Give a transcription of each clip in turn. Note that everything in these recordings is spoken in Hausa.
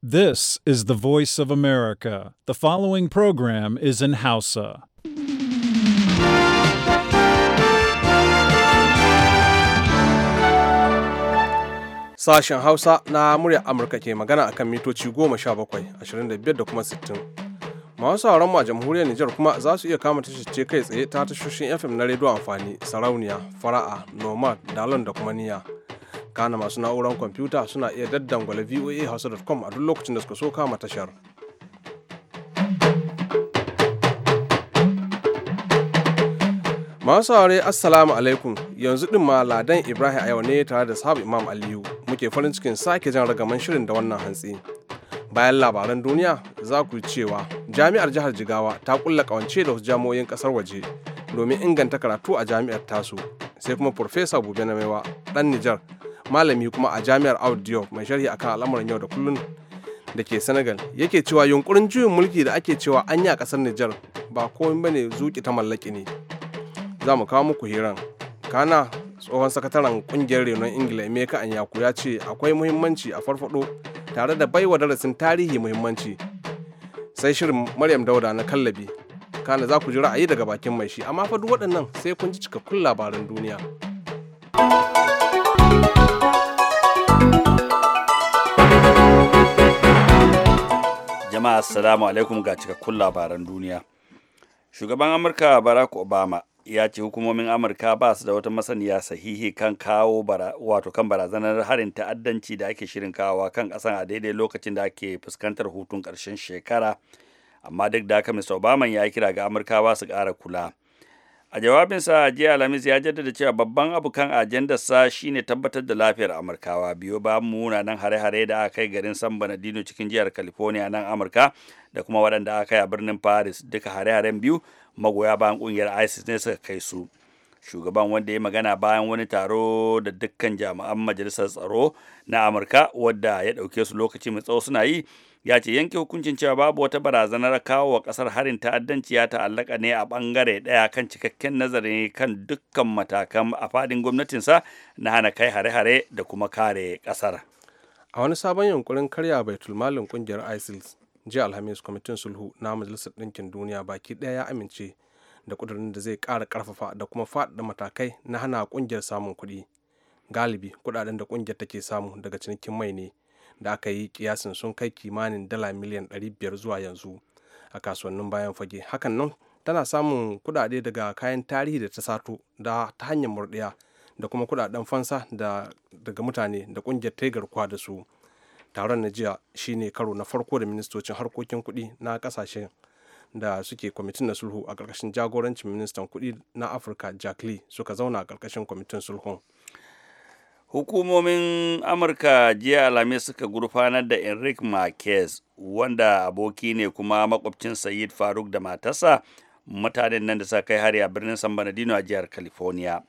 This is the voice of America. The following program is in Hausa. Sashen Hausa na murya Amurka ke magana a kan mitoci goma sha bakwai, ashirin da biyar da kuma sittin. Masu sauran a jamhuriyar Nijar kuma za su iya kama tashoshin kai tsaye ta tashoshin FM na rediyo amfani, sarauniya, fara'a, nomad, dalon da kuma niyya. kana masu na'urar kwamfuta suna iya daddangwale voa hausa.com a duk lokacin da suka so kama tashar masu saurare assalamu alaikum yanzu din ma ladan ibrahim a yau ne tare da sahabu imam aliyu muke farin cikin sake jan ragaman shirin da wannan hantsi bayan labaran duniya za ku cewa jami'ar jihar jigawa ta kulla kawance da wasu jami'oyin kasar waje domin inganta karatu a jami'ar tasu sai kuma profesa bube na maiwa dan nijar malami kuma a jami'ar audio mai sharhi akan al'amuran yau da kullun da ke Senegal yake cewa yunkurin juyin mulki da ake cewa an yi a kasar Nijar ba komai ba ne zuki ta mallaki ne. Za mu kawo muku hiran. Kana tsohon sakataren kungiyar renon Ingila Emeka Anyaku ya ce akwai muhimmanci a farfado tare da baiwa darasin tarihi muhimmanci. Sai shirin Maryam Dauda na kallabi kana za ku ji ra'ayi daga bakin mai shi amma fa duk waɗannan sai kun ji cikakkun labaran duniya. jama'a assalamu alaikum ga cikakkun labaran duniya shugaban amurka barack obama ya ce hukumomin amurka ba su da wata masaniya sahihi kan kawo wato kan barazanar harin ta'addanci da ake shirin kawowa kan kasan a daidai lokacin da ake fuskantar hutun karshen shekara amma duk da haka mr obama ya kira ga amurka ba su kara kula a jawabinsa a jiya alhamis ya jaddada cewa babban abu kan ajandarsa shine tabbatar da lafiyar amurkawa biyo ba munanan hare-hare da aka kai garin san banadino cikin jihar california nan amurka da kuma waɗanda aka kai a birnin paris duka hare-haren biyu magoya bayan ƙungiyar isis ne suka kai su shugaban wanda ya magana bayan wani taro da dukkan jami'an majalisar tsaro na amurka wadda ya ɗauke su lokaci mai tsawo suna yi ya ce yanke hukuncin cewa babu wata barazanar kawo wa kasar harin ta'addanci ya ta'allaka ne a bangare daya kan cikakken nazari kan dukkan matakan a fadin gwamnatinsa na hana kai hare-hare da kuma kare kasar a wani sabon yankurin karya tulmalin kungiyar isil jiya alhamis kwamitin sulhu na majalisar ɗinkin duniya baki ɗaya ya amince da kudurin da zai kara ƙarfafa da kuma faɗaɗa matakai na hana ƙungiyar samun kuɗi galibi kuɗaɗen da ƙungiyar take samu daga cinikin mai ne da aka yi kiyasin sun kai kimanin dala miliyan 500 zuwa yanzu a kasuwannin bayan fage hakan nan tana samun kudade daga kayan tarihi da ta sato da ta hanyar murdiya da kuma kudaden fansa da daga mutane da kungiyar ta garkuwa da su taron na jiya shine karo na farko da ministocin harkokin kuɗi na kasashen da suke kwamitin na sulhu a ƙarƙashin jagorancin ministan kuɗi na afirka jack lee suka zauna a ƙarƙashin kwamitin sulhun Hukumomin Amurka jiya Alhamis suka gurfanar da Enrique Marquez wanda aboki ne kuma makwabcin Sayid Faruk da matarsa mutanen nan da suka kai hari a birnin San Bernardino a jihar California.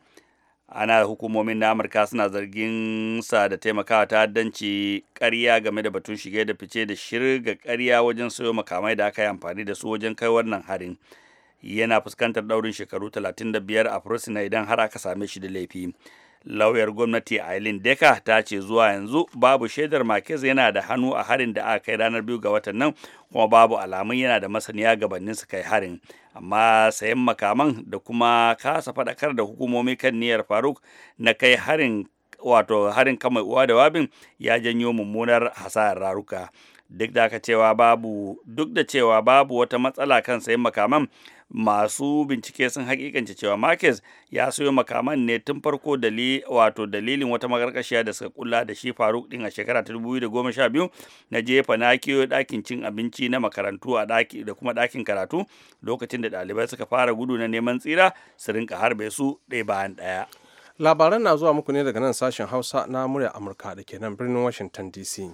Ana hukumomin na Amurka suna zargin sa da taimakawa ta'addanci karya game da batun shige da fice da shirga karya wajen sayo makamai da aka yi amfani da su wajen kai wannan harin. yana fuskantar daurin shekaru 35 a fursuna idan har aka same shi da laifi lauyar gwamnati aileen deka ta ce zuwa yanzu babu shaidar marquez yana da hannu a harin da aka kai ranar biyu ga watan nan kuma babu alamun yana da masaniya gabanin su kai harin amma sayan makaman da kuma kasa faɗakar da hukumomi kan niyyar faruk na kai harin wato harin kamar uwa da wabin ya janyo mummunar hasarar raruka duk duk da cewa babu wata matsala kan sayan makaman masu bincike sun hakikance cewa marquez ya sayo makaman ne tun farko dali wato dalilin wata makarkashiya da suka kula da shi faruk din a shekara ta 2012 na jefa na kiyo dakin cin abinci na makarantu a daki da kuma dakin karatu lokacin da ɗalibai suka fara gudu na neman tsira su rinka harbe su ɗaya bayan ɗaya labaran na zuwa muku ne daga nan sashen hausa na murya amurka da ke nan birnin washington dc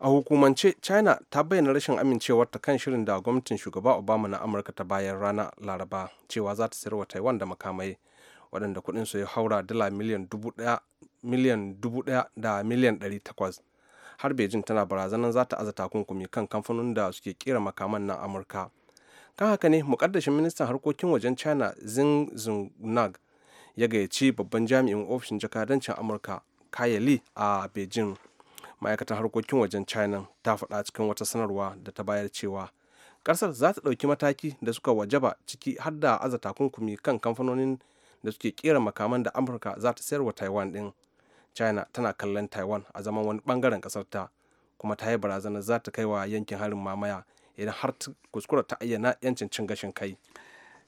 a hukumance china ta bayyana rashin amincewarta kan shirin da gwamnatin shugaba obama na amurka ta bayan rana laraba cewa za ta sayarwa taiwan da makamai waɗanda kuɗinsu ya haura dala miliyan dubu ɗaya da miliyan ɗari takwas har beijing tana barazanar za ta aza takunkumi kan kamfanonin da suke kera makaman na amurka kan haka ne mukaddashin ministan harkokin wajen china zin zungnag ya gayyaci babban jami'in ofishin jakadancin amurka kayali a beijing ma'aikatar harkokin wajen china ta faɗa cikin wata sanarwa da ta bayar cewa ƙasar za ta ɗauki mataki da suka wajaba ciki har da aza takunkumi kan kamfanonin da suke kera makaman da amurka za ta wa taiwan ɗin china tana kallon taiwan a zaman wani ɓangaren ƙasar ta kuma ta yi barazanar za ta kai wa yankin harin mamaya idan har kuskura ta ayyana 'yancin cin gashin kai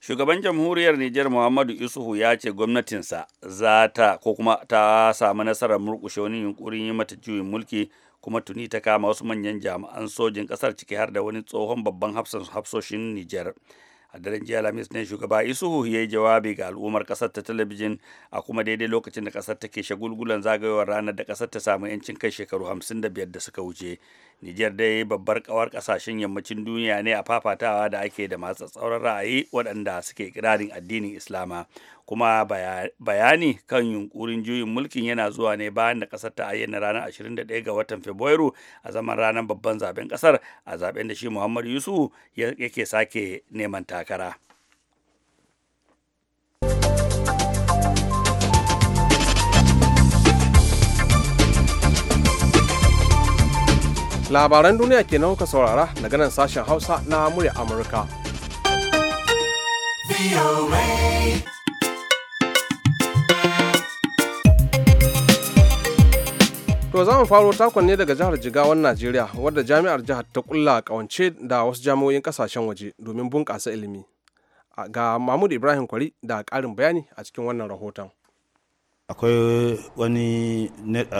shugaban jamhuriyar Nijar Muhammadu Isuhu ya ce gwamnatinsa za ta ko kuma ta samu nasarar murƙushe wani yunkurin yi mata juyin mulki kuma tuni ta kama wasu manyan jami'an sojin ƙasar ciki har da wani tsohon babban hafsoshin Nijar. a daren jiya alhamis ne shugaba isuhu ya yi jawabi ga al'ummar ƙasar ta talabijin a kuma daidai lokacin da kasar take shagulgulan zagayowar ranar da ƙasar ta samu yancin kai shekaru hamsin da biyar da suka wuce Nijar dai babbar kawar kasashen yammacin duniya ne a fafatawa da ake da masu tsauran ra'ayi waɗanda suke kirarin addinin Islama. Kuma bayani kan yunkurin juyin mulkin yana zuwa ne bayan da ƙasar ta ayyana ranar 21 ga watan Fabrairu a zaman ranar babban zaben ƙasar a zaben da shi Muhammad Yusuf yake sake neman takara. labaran duniya ke nan ka saurara daga nan sashen hausa na murya amurka To za mu faro takon ne daga jihar Jigawan Najeriya wadda jami'ar jihar ta kulla kawance da wasu jami'o'in kasashen waje domin bunƙasa ilimi. Ga Mahmud Ibrahim Kwari da ƙarin bayani a cikin wannan rahoton. akwai wani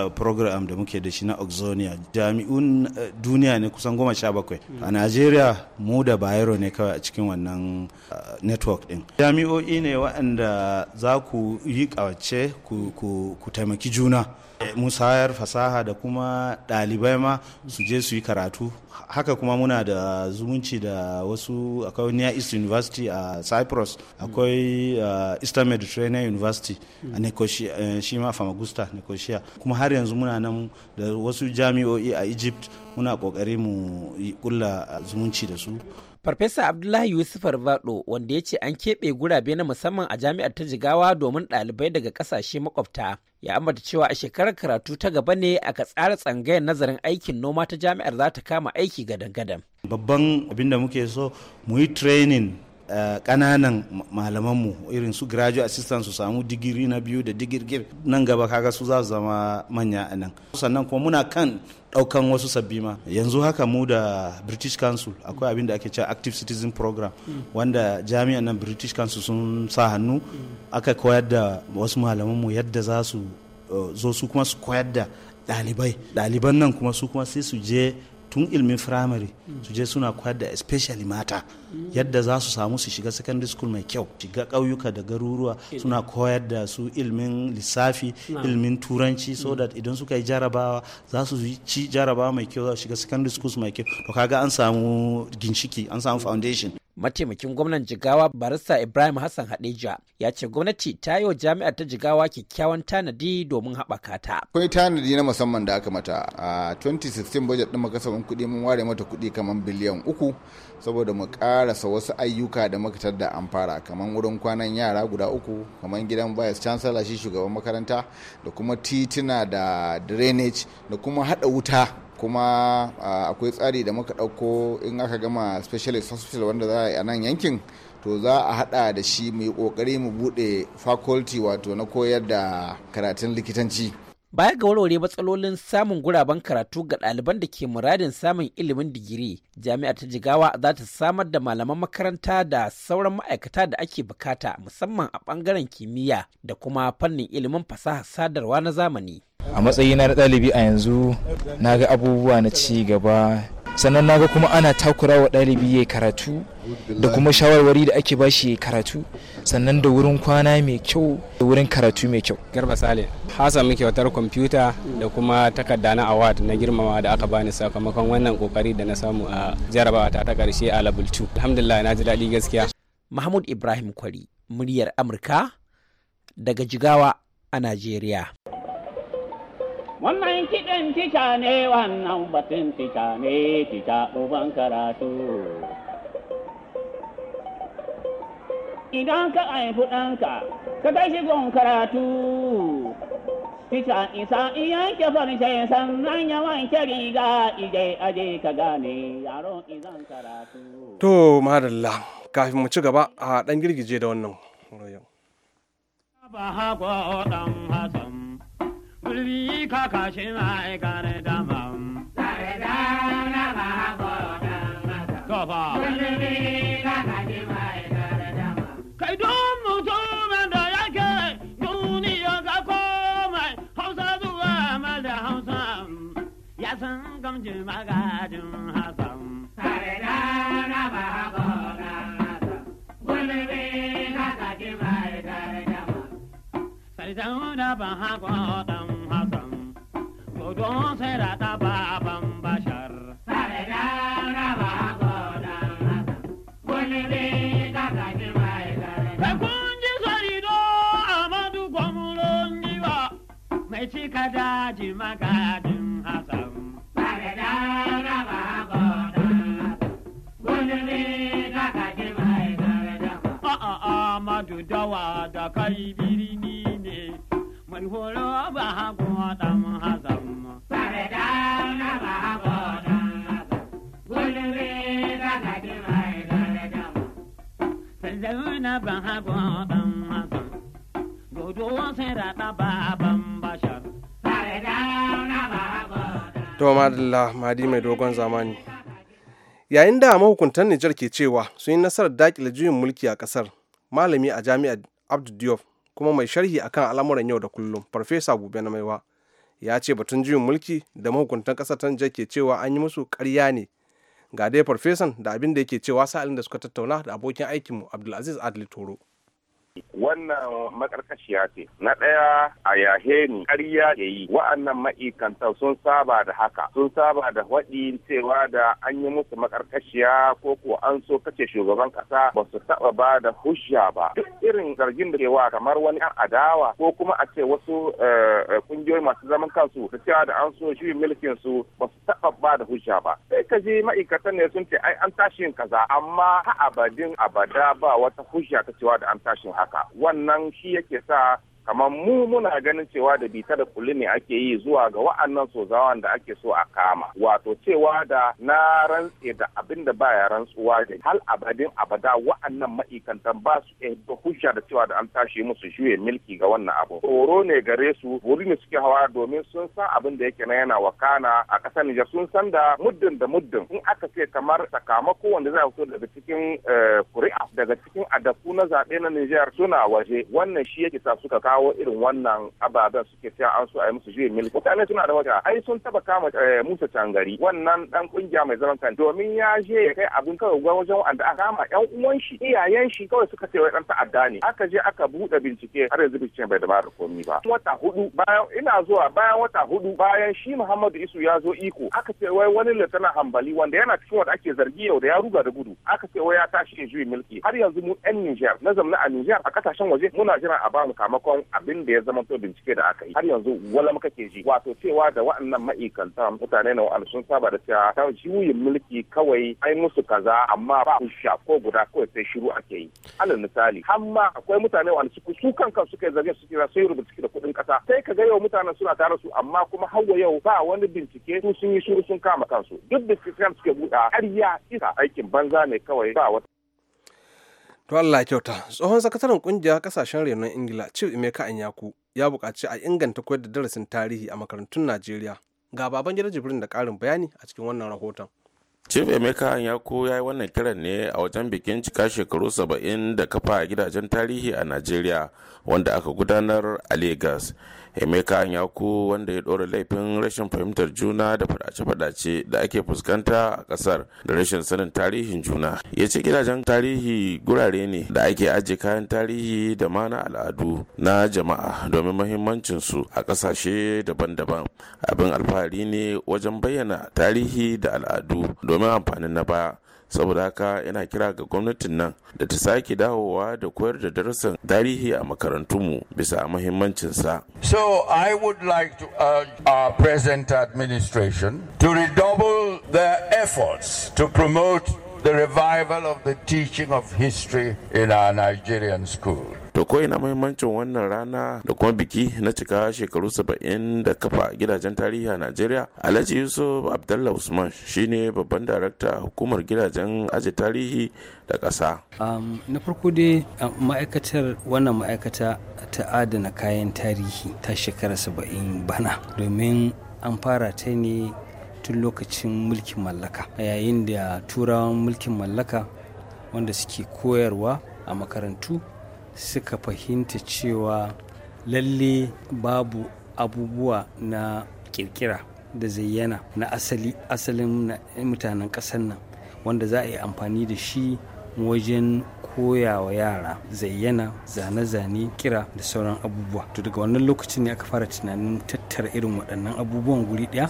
uh, program da muke da shi na oxonia jami'un uh, duniya ne kusan goma sha bakwai hmm. a najeriya mu da bayero ne kawai a cikin wannan uh, network din jami'o'i ne waɗanda za ku yi kawace ku taimaki juna Eh, musayar fasaha da kuma ɗalibai ma su je su yi karatu haka kuma muna da zumunci da wasu akwai near east university a cyprus akwai eh, eastern mediterranean university a eh, shi ma famagusta nicosia kuma har yanzu muna nan da wasu jami'o'i a egypt muna ƙoƙari mu kulla zumunci da su Farfesa Abdullahi Yusuf Arvado wanda ya ce an keɓe gurabe na musamman a jami'ar ta Jigawa domin ɗalibai daga ƙasashe makwabta ya ambata cewa a shekarar karatu ta gaba ne aka tsara tsangayar nazarin aikin noma ta jami'ar za ta kama aiki gadan-gadan. Babban abin da muke so mu yi training kananan eh, malamanmu irin su graduate assistant su samu digiri na biyu da digiri nan gaba kaga su za su zama manya a nan sannan kuma muna kan daukan wasu sabbi ma yanzu haka mu da british council akwai abin da ake cewa active citizen program wanda jami'an nan british council sun sa hannu aka koyar da wasu malamanmu yadda za su eh, zo su kuma su koyar da ɗalibai ɗaliban nan kuma su kuma sai su je tun ilmin firamare su je suna koyar da especially mata yadda za su samu su shiga secondary school mai kyau shiga ƙauyuka da garuruwa suna koyar da su ilmin lissafi ilmin turanci so that idan suka yi jarabawa za su ci jarabawa mai kyau za su shiga secondary schools mai kyau to kaga an samu ginshiki an samu foundation mataimakin gwamnan jigawa barista ibrahim hassan hadeja ya ce gwamnati ta yi wa jami'ar ta jigawa kyakkyawan tanadi domin haɓaka ta akwai tanadi na musamman da aka mata a 2016 bajet ɗin makasafin kuɗi mun ware mata kuɗi kamar biliyan uku saboda mu ƙarasa wasu ayyuka da makatar da an fara kamar wurin kwanan yara guda uku kamar gidan vice chancellor shi shugaban makaranta da kuma Tituna da drainage da kuma haɗa wuta kuma akwai tsari da muka ɗauko in aka gama specialist hospital wanda za a yi a nan yankin to za a haɗa da shi mu yi ƙoƙari mu buɗe faculty wato na koyar da karatun likitanci Baya ga warware matsalolin samun guraben karatu ga ɗaliban da ke muradin samun ilimin digiri, jami'ar ta jigawa za ta samar da malaman makaranta da sauran ma'aikata da ake bukata musamman a ɓangaren kimiyya da kuma fannin ilimin fasaha sadarwa na zamani. A matsayi na ɗalibi a yanzu na ga abubuwa na ci gaba sannan ga kuma ana takura wa ɗalibi ya karatu da kuma shawarwari da ake bashi ya karatu sannan da wurin kwana mai kyau da wurin karatu mai kyau garba sale hasa muke watar kwamfuta da kuma takarda na award na girmama da aka bani sakamakon wannan kokari da na samu a jarabawa ta ta karshe a level 2 alhamdulillah na ji daɗi gaskiya mahmud ibrahim kwari muryar amurka daga jigawa a najeriya wannan kiɗin tica ne wannan batun tica ne tisha uban karatu idan ka haifi ɗanka ka kai shi karatu tica isa iya ke farce sannan ya wanke riga ije aje ka gane yaro izan karatu to madalla kafin mu ci gaba a ɗan girgije da wannan ba ko ɗan hasan Turbi ka kashin aikar dama. da na mahabodan mata. Tofa. Turbi ka kashin aikar dama. Kai don yake duniya ka komai hausa zuwa da hausa ya san gamji magajin da na mahabodan mata. Turbi ka dama. ban na ta da na ba madi mai dogon zamani yayin da mahukuntan Nijar ke cewa sun yi nasarar dakile juyin mulki a kasar malami a jami'ar Abdu Diop kuma mai sharhi akan al'amuran yau da kullum farfesa Bube na Maiwa ya ce batun juyin mulki da mahukuntan kasar ta Nijar ke cewa an yi musu ƙarya ne ga dai farfesan da abin da yake cewa sa'alin da suka tattauna da abokin aikinmu abdulaziz adli toro wannan makarkashiya ce na ɗaya a yahe ni ƙarya ya yi wa'annan ma'ikanta sun saba da haka sun saba da waɗi cewa da an yi musu makarkashiya ko ko an so kace shugaban ƙasa ba su taɓa ba da hujja ba duk irin zargin da wa kamar wani an adawa ko kuma a ce wasu eh, eh, ƙungiyoyi masu zaman kansu da cewa da an so shi mulkin su ba su taɓa ba da hujja ba sai ka je ma'aikatan ne sun ce ai an yin kaza amma ha abadin abada ba wata hujja ta cewa da an tashi haka haka wannan shi yake sa kamar mu muna ganin cewa da bita da kulli ne ake yi zuwa ga wa'annan sozawan da ake so a kama wato cewa da na rantse da abin da baya rantsuwa da hal abadin abada wa'annan maikantan ba su da hujja da cewa da an tashi musu juye milki ga wannan abu tsoro ne gare su wuri ne suke hawa domin sun san abin da yake na yana wakana a ƙasar Nijar sun san da muddin da muddin in aka ce kamar sakamako wanda za fito daga cikin eh, kuri'a daga cikin adafu na zaɓe na Nijar suna waje wannan shi yake sa suka kawo kawo irin wannan ababen suke cewa an so a yi musu juyin milki mutane suna da wata ai sun taba kama eh, Musa Cangari wannan dan kungiya mai zaman kan domin ya je ya kai abin kawai gwa wajen wanda aka kama yan uwan shi iyayen shi kawai suka ce wai dan ta'adda ne aka je aka bude bincike har yanzu bincike bai da komi ba wata hudu bayan ina zuwa bayan wata hudu bayan shi Muhammadu Isu ya zo iko aka ce wai wani lantana Hambali wanda yana cikin wanda ake zargi yau da ya ruga da gudu aka ce wai ya tashi juyin mulki har yanzu mu yan Niger na zamna a Niger a kasashen waje muna jira a bamu kamakon abin da ya zama to bincike da aka yi har yanzu wala muka ke ji wato cewa da waɗannan ma'aikanta mutane na wa'anda sun saba da cewa ta juyin mulki kawai ai musu kaza amma ba hujja ko guda kawai sai shiru ake yi alal misali amma akwai mutane wa'anda su su kankan suke suke za su yi rubutu da kuɗin ƙasa sai ka ga yau mutanen suna tare su amma kuma hawa yau ba wani bincike su sun yi shiru sun kama kansu duk da suke buɗa ya isa aikin banza ne kawai ba wata To Allah kyauta, tsohon sakataren kungiyar kasashen renon Ingila, Chief Emeka Anyaku, ya buƙaci a inganta koyar da darasin tarihi a makarantun Najeriya. Ga baban gidan Jibrin da karin bayani a cikin wannan rahoton. chief emeka Anyaku ya yi wannan kiran ne a wajen bikin cika shekaru saba'in da kafa gidajen tarihi a najeriya wanda aka gudanar a lagos emeka anyaku wanda ya ɗora laifin rashin fahimtar juna da fadace-fadace da ake fuskanta a ƙasar da rashin sanin tarihin juna ya ce gidajen tarihi gurare ne da ake ajiye kayan tarihi da ma na al'adu na jama'a domin mahimmancinsu a ƙasashe daban-daban abin alfahari ne wajen bayyana tarihi da al'adu domin amfanin na baya saboda haka kira ga gwamnatin nan da ta sake dawowa da koyar da darasin tarihi a makarantunmu bisa So I would like to urge our present administration to redouble their efforts to promote the revival of the teaching of history in our Nigerian schools. to ko ina muhimmancin wannan rana da kuma biki na cika shekaru saba'in da kafa gidajen tarihi a najeriya alhaji yusuf abdallah usman shine babban darakta hukumar gidajen aji tarihi da ƙasa. na farko dai ma'aikatar wannan ma'aikata ta adana kayan tarihi ta shekara saba'in bana domin an fara ta ne tun lokacin mulkin mallaka yayin da turawan mulkin mallaka wanda suke koyarwa a makarantu suka fahimta cewa lalle babu abubuwa na kirkira da zayyana na asali asalin mutanen ƙasar nan wanda za a yi amfani da shi wajen koya wa yara zayyana zane-zane kira da sauran abubuwa to daga wannan lokacin ne aka fara tunanin tattara irin waɗannan abubuwan guri ɗaya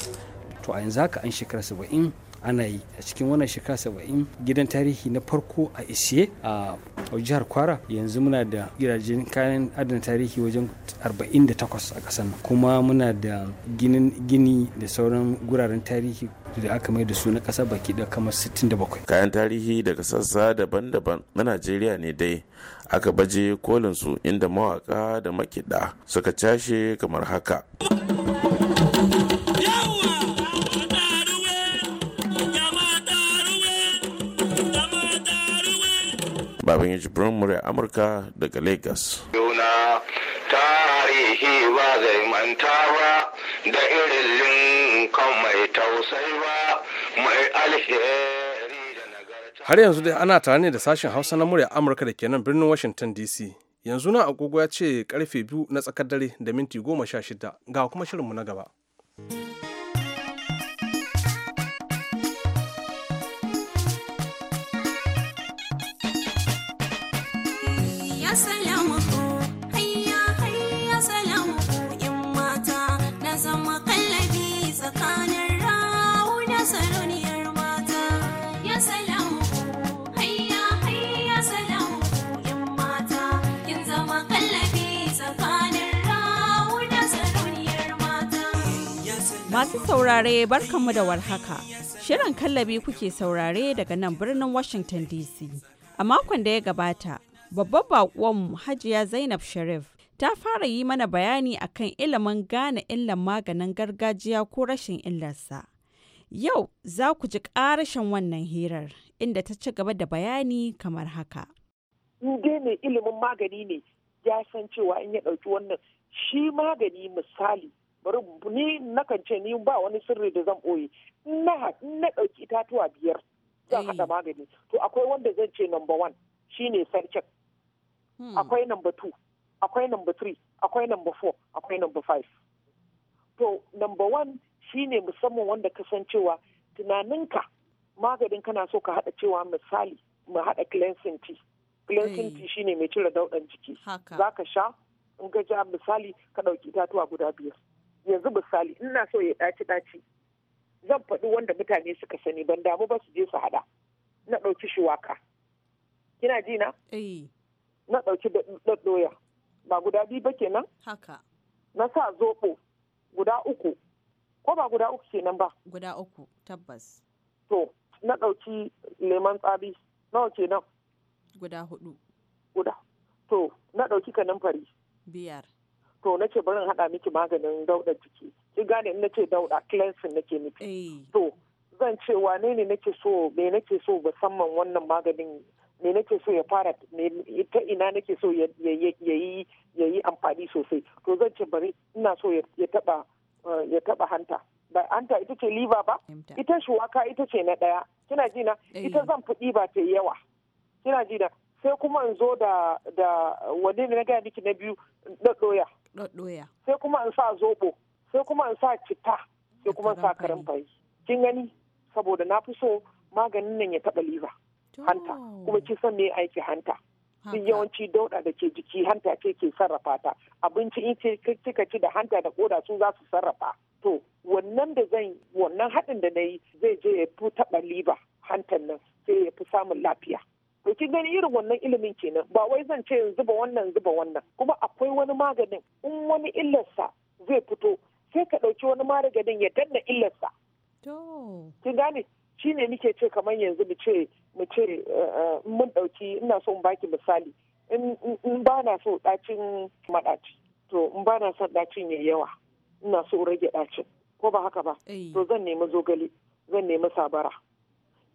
to a yanzu haka an shekara saba'in ana yi a cikin wannan shekara saba'in gidan tarihi na farko a isiye a jihar kwara yanzu muna da gidajen kayan adana tarihi wajen 48 a ƙasar kuma muna da ginin gini da sauran guraren tarihi da aka mai da su na ƙasa baki da kamar 67 kayan tarihi daga sassa daban-daban na najeriya ne dai aka baje kolinsu inda mawaka da makiɗa suka cashe kamar haka. baban yaji burin murya amurka daga lagos tarihi ba zai manta ba da irin linkan mai tausai ba mai alheri da nagarta har yanzu dai ana tare ne da sashen hausa na murya amurka da kenan birnin washington dc yanzu na agogo ya ce karfe biyu na tsakar dare da minti goma sha shida ga kuma shirinmu na gaba Masu saurare barkanmu da warhaka. Shirin kallabi kuke saurare daga nan birnin Washington DC. A makon da ya gabata, babban baƙonmu Hajiya Zainab Sharif ta fara yi mana bayani akan ilimin gane illan maganin gargajiya ko rashin illarsa. Yau za ku ji ƙarashin wannan hirar inda ta ci gaba da bayani kamar haka. ilimin magani ne ya san cewa in ya ɗauki wannan shi magani misali bari ni nakan ce ni ba wani sirri da zan ɓoye na na ɗauki itatuwa biyar zan hada eh. magani to akwai wanda zan ce number one shine sarkin hmm. akwai number two akwai number three akwai number four akwai number five to number one shine musamman wanda kasancewa tunaninka maganin kana so ka hada cewa misali mu hada cleansing tea cleansing eh. tea shine mai cire daudan jiki zaka sha in ka ja misali ka dauki itatuwa guda biyar yanzu misali ina so ya ɗaci ɗaci zan faɗi wanda mutane suka sani ban damu ba su je su haɗa na ɗauki shuwaka kina ji na eh. na ɗauki doya ba guda biyu ba kenan haka na sa zoɓo guda uku ko ba guda uku kenan ba guda uku tabbas to na ɗauki lemon tsabi nawa kenan guda hudu guda to na ɗauki kanin fari biyar to nake barin hada miki maganin dauɗa jiki ki gane in nace dauɗa cleansing nake miki to zan ce wane ne nake so me nake so musamman wannan maganin me nake so ya fara ta ina nake so ya yi amfani sosai to zan ce bari ina so ya taba ya taba eh, hanta ba hanta ita ce liver ba ita shuwaka ita ce na daya kina ji na ita zan fudi ba ta yawa kina ji na sai kuma in zo da da wani ne na gaya miki na biyu na doya doya sai kuma in sa zobo sai kuma in sa citta sai kuma in sa karamfari kin gani saboda na fi so maganin nan ya taɓa liver hanta kuma kin san me aiki hanta sun yawanci dauɗa da ke jiki hanta ce ke sarrafa ta abinci in ce kika ci da hanta da koda su za su sarrafa to wannan da zan wannan haɗin da na yi zai je ya fi taɓa liba hantan nan sai ya fi samun lafiya to kin gani irin wannan ilimin kenan ba wai zan ce zuba wannan zuba wannan kuma akwai wani maganin in wani illarsa zai fito sai ka ɗauki wani maganin ya danna illarsa kin gane shi ne nike ce kamar yanzu mu ce mu ce eh, eh, mun ɗauki ina so in baki misali in ba na so ɗacin maɗaci to in ba na son ɗacin ya yawa ina so rage ɗacin ko ba haka ba to zan nemi zogale zan nemi sabara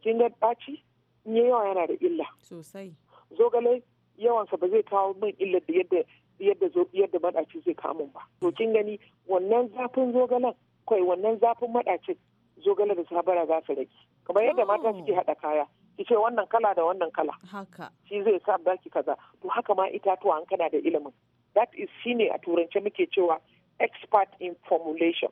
kin ga ɗaci in ya yawa yana da illa sosai zogale yawansa ba zai kawo min illa da yadda yadda yadda madaci zai kamun ba to kin gani wannan zafin zogalen kai wannan zafin madacin zogale da sabara za su rage kamar yadda mata oh. suke hada kaya ki ce wannan kala da wannan kala haka shi zai sa baki kaza to haka ma itatuwa an kana da ilimin that is shine a turance muke cewa expert in formulation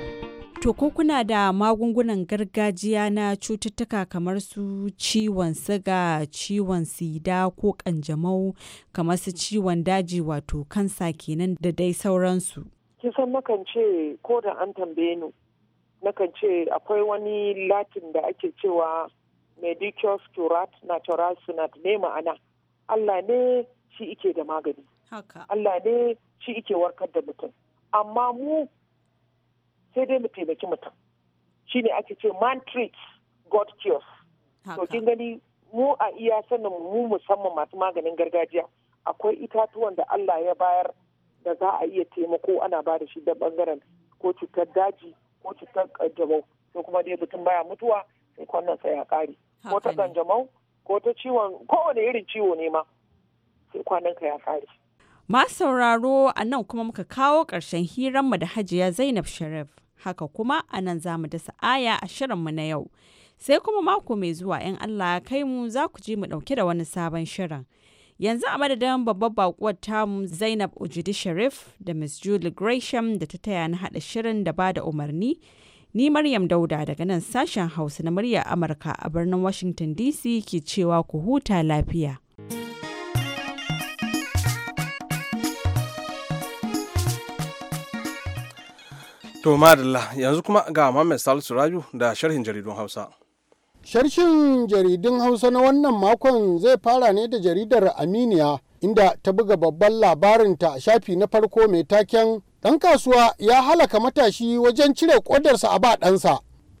To ko kuna da magungunan gargajiya na cututtuka kamar su ciwon siga, ciwon sida ko kanjamau kamar su ciwon daji wato kansa kenan da dai sauransu. Kisan nakan ce ko da an tambaye ni, nakan ce akwai wani latin da ake cewa medicus curat natural sunat ne ma'ana. Allah ne shi ike da magani. Allah ne shi ike warkar da mutum. Amma mu sai dai mu taimaki mutum shi ne ake ce man treats god cures to kin gani mu a iya sanin mu musamman masu maganin gargajiya akwai itatuwan da Allah ya bayar da za a iya taimako ana ba da shi da bangaren ko cutar daji ko cutar kanjamau ko kuma dai mutum baya mutuwa sai kwanan sai ya kare ko ta kanjamau ko ta ciwon kowane irin ciwo ne ma sai kwanan ka ya kare masu sauraro a nan kuma muka kawo ƙarshen hiranmu da hajiya zainab sharif haka kuma a nan za mu dasa aya a shirinmu na yau. Sai kuma mako mai zuwa ‘yan Allah kai mu za ku ji mu ɗauke da wani sabon shirin. Yanzu a madadin babbar baƙuwar tamu Zainab Ujidi Sharif da Miss Julie Gresham da ta taya na haɗa shirin da ba da umarni. Ni Maryam Dauda daga nan sashen Hausa na muryar Amurka a birnin Washington DC ke cewa ku huta lafiya. To madalla yanzu kuma ga Muhammad Salisu raju da sharhin jaridun Hausa. Sharshin jaridun Hausa na wannan makon zai fara ne da jaridar Aminiya inda ta buga babban labarinta a shafi na farko mai taken ɗan kasuwa ya halaka matashi wajen cire ƙodarsa a ba ɗansa.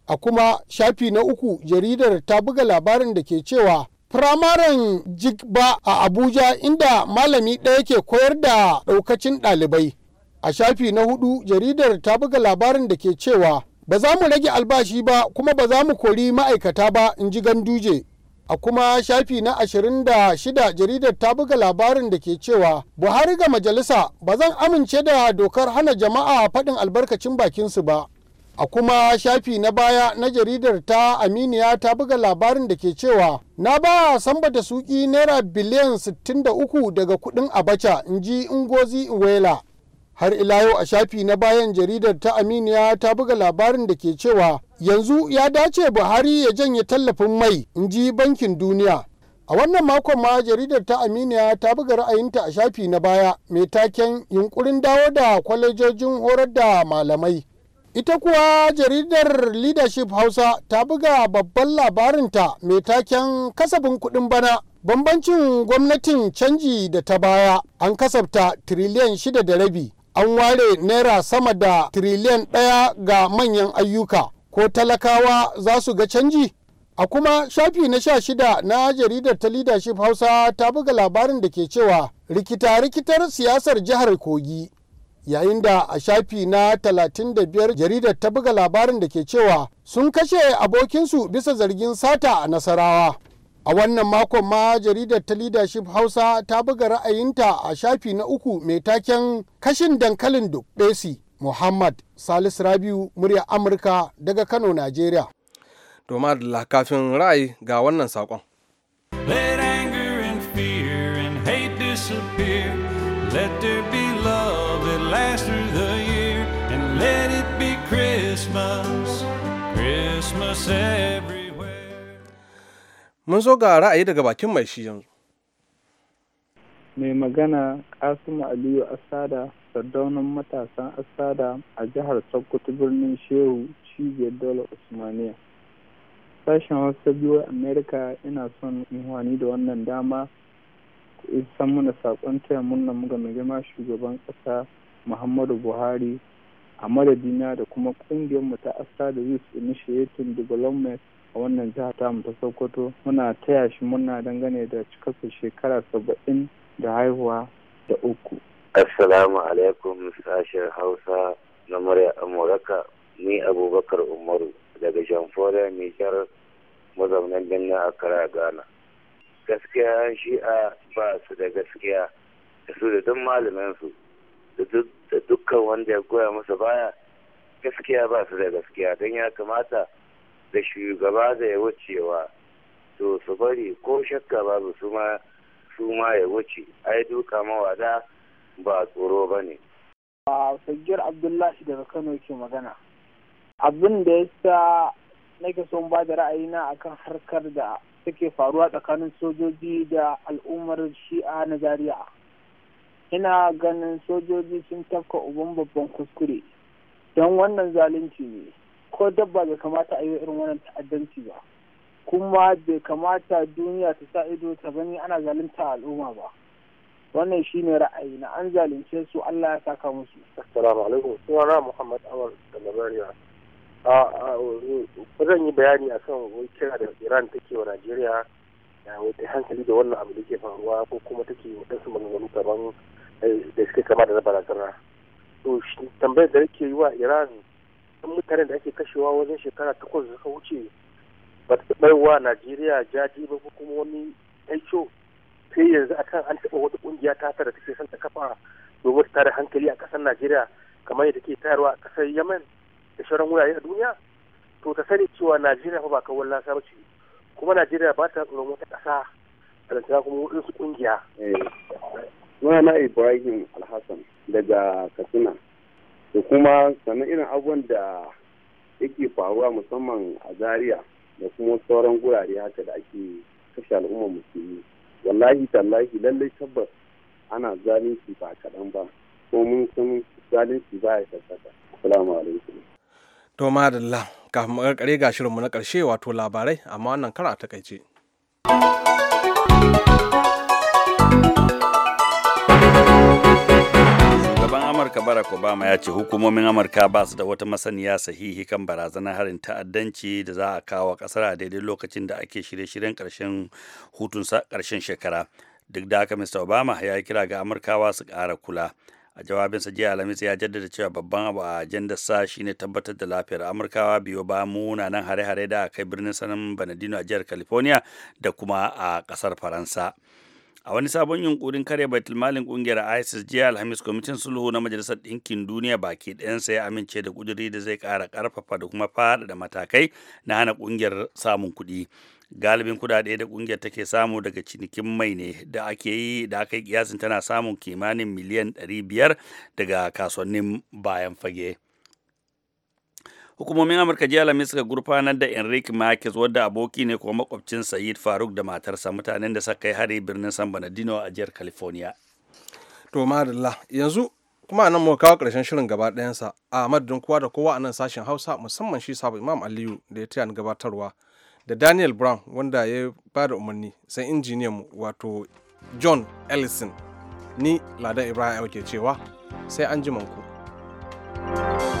A kuma shafi na uku jaridar ta buga labarin da ke cewa firamaren jigba a Abuja inda malami ɗaya ke koyar da ɗaukacin ɗalibai. a shafi na hudu jaridar ta buga labarin da ke cewa ba za mu rage albashi ba kuma ba za mu kori ma'aikata ba in ji ganduje a kuma shafi na ashirin da shida jaridar ta buga labarin da ke cewa buhari ga majalisa ba zan amince da dokar hana jama'a faɗin albarkacin bakinsu ba a kuma shafi na baya na jaridar ta aminiya ta buga labarin da ke cewa na ba samba da suki naira biliyan 63 daga kudin abacha in ji ingozi wela har ila yau a shafi na bayan jaridar ta aminiya ta buga labarin da ke cewa yanzu ya dace buhari ya janye tallafin mai in ji bankin duniya a wannan makon ma jaridar ta aminiya ta buga ra'ayinta a shafi na baya mai taken yunkurin dawo da kwalejojin horar da malamai ita kuwa jaridar leadership hausa ta buga babban labarinta mai taken kasafin kuɗin bana bambancin gwamnatin canji da ta baya an kasafta tiriliyan shida da rabi an ware naira sama da tiriliyan ɗaya ga manyan ayyuka ko talakawa za su ga canji a kuma shafi na sha shida na jaridar ta leadership hausa ta buga labarin da ke cewa rikita-rikitar siyasar jihar kogi yayin da a shafi na talatin da biyar jaridar ta buga labarin da ke cewa sun kashe abokinsu bisa zargin sata a nasarawa A wannan makon ma jaridar ta leadership Hausa ta buga ra'ayinta a shafi na uku mai taken kashin dankalin dubbesi Muhammad Salis Rabiu murya Amurka daga Kano, Najeriya. Doma da kafin ra'ayi ga wannan saƙon. Christmas, Christmas every mun zo ga ra'ayi daga bakin mai shi yanzu mai magana kasimu aliyu asada sardaunan matasan asada a jihar sokoto birnin shehu cibiyar dole usmaniya sashen hausa biyu america ina son in da wannan dama ku san mana saƙon taya murna muga mai shugaban ƙasa muhammadu buhari a madadina da kuma ƙungiyar mu ta asada youth initiative development a wannan jiha ta ta sokoto muna taya shi muna dangane da cikarsa shekara saba'in da haihuwa da uku assalamu alaikum sashen hausa na murya amurka ni abubakar umaru daga jamfoda nijar mazaunan birnin akara ghana gaskiya shi'a ba su da gaskiya da su da duk malaminsu da dukkan wanda ya goya masa baya gaskiya ba su da gaskiya don ya kamata da shugaba da ya wucewa to su bari ko shakka babu su ma su ma ya wuce ai duka mawada ba tsoro ba ne. a sagiyar abdullahi daga kano ke magana abin da ya sa nake son ba da ra'ayina akan harkar da take faruwa tsakanin sojoji da al'ummar shi'a na zaria ina ganin sojoji sun tafka uban babban kuskure don wannan zalunci ne ko dabba bai kamata a yi irin wannan ta'addanci ba kuma bai kamata duniya ta sa ido ta bani ana zalunta al'umma ba wannan shine ra'ayi na an zalunce su Allah ya saka musu assalamu alaikum na Muhammad Awar da Labariya a zan yi bayani akan kira da Iran take wa Najeriya da wata hankali da wannan abu da ke faruwa ko kuma take wadansu maganganu kaman eh, da suke kama da na barazana to tambayar da yake yi wa Iran mutanen da ake kashewa wajen shekara takwas da suka wuce ba ta taɓa wa najeriya jaji ba ko kuma wani taiko sai yanzu a kan an taɓa wata ƙungiya ta da take son ta kafa domin ta da hankali a ƙasar najeriya kamar yadda ke tayarwa a ƙasar yemen da sauran wurare a duniya to ta sani cewa najeriya fa ba kawai lasa ba ce kuma najeriya ba ta tsoron wata ƙasa balantana kuma waɗansu ƙungiya. Eh, na Ibrahim Alhassan daga Katsina. da kuma sannan irin abubuwan da yake faruwa musamman a zaria da kuma sauran gurare haka da ake kashe al'umma musulmi wallahi tallahi lallai tabbas ana zalunci ba kaɗan ba ko mun san zalunci ba ya tabbata salamu alaikum to madalla kafin mu karkare ga shirinmu na ƙarshe wato labarai amma wannan kara a takaice. amurka barack obama ya ce hukumomin amurka ba su da wata masaniya sahihi kan barazanar harin ta'addanci da za a kawo kasar a daidai lokacin da ake shirye-shiryen karshen hutun karshen shekara duk da haka mr obama ya yi kira ga amurkawa su ƙara kula a jawabinsa jiya alhamis ya jaddada cewa babban abu a ajandar sa shine tabbatar da lafiyar amurkawa biyo ba munanan hare-hare da kai birnin sanan banadino a jihar california da kuma a ƙasar faransa a wani sabon yunkurin kare baitulmalin kungiyar isis jiya alhamis kwamitin sulhu na majalisar ɗinkin duniya baki ɗayansa ya amince da kuduri da zai kara karfafa da kuma faɗaɗa matakai na hana kungiyar samun kuɗi galibin kudade da kungiyar take samu daga cinikin mai ne da ake yi da aka yi kiyasin tana samun kimanin miliyan 500 daga kasuwannin bayan fage. hukumomin amurka jiya lamis suka gurfanar da enrique marquez wadda aboki ne kuma makwabcin sayid faruk da matarsa mutanen da suka kai hari birnin san bernardino a jihar california to madalla yanzu kuma nan muka kawo karshen shirin gaba ɗayansa a madadin kowa da kowa a nan sashen hausa musamman shi sabu imam aliyu da ya taya ni gabatarwa da daniel brown wanda ya ba da umarni sai injiniyan mu wato john ellison ni ladan ibrahim ke cewa sai an ku. thank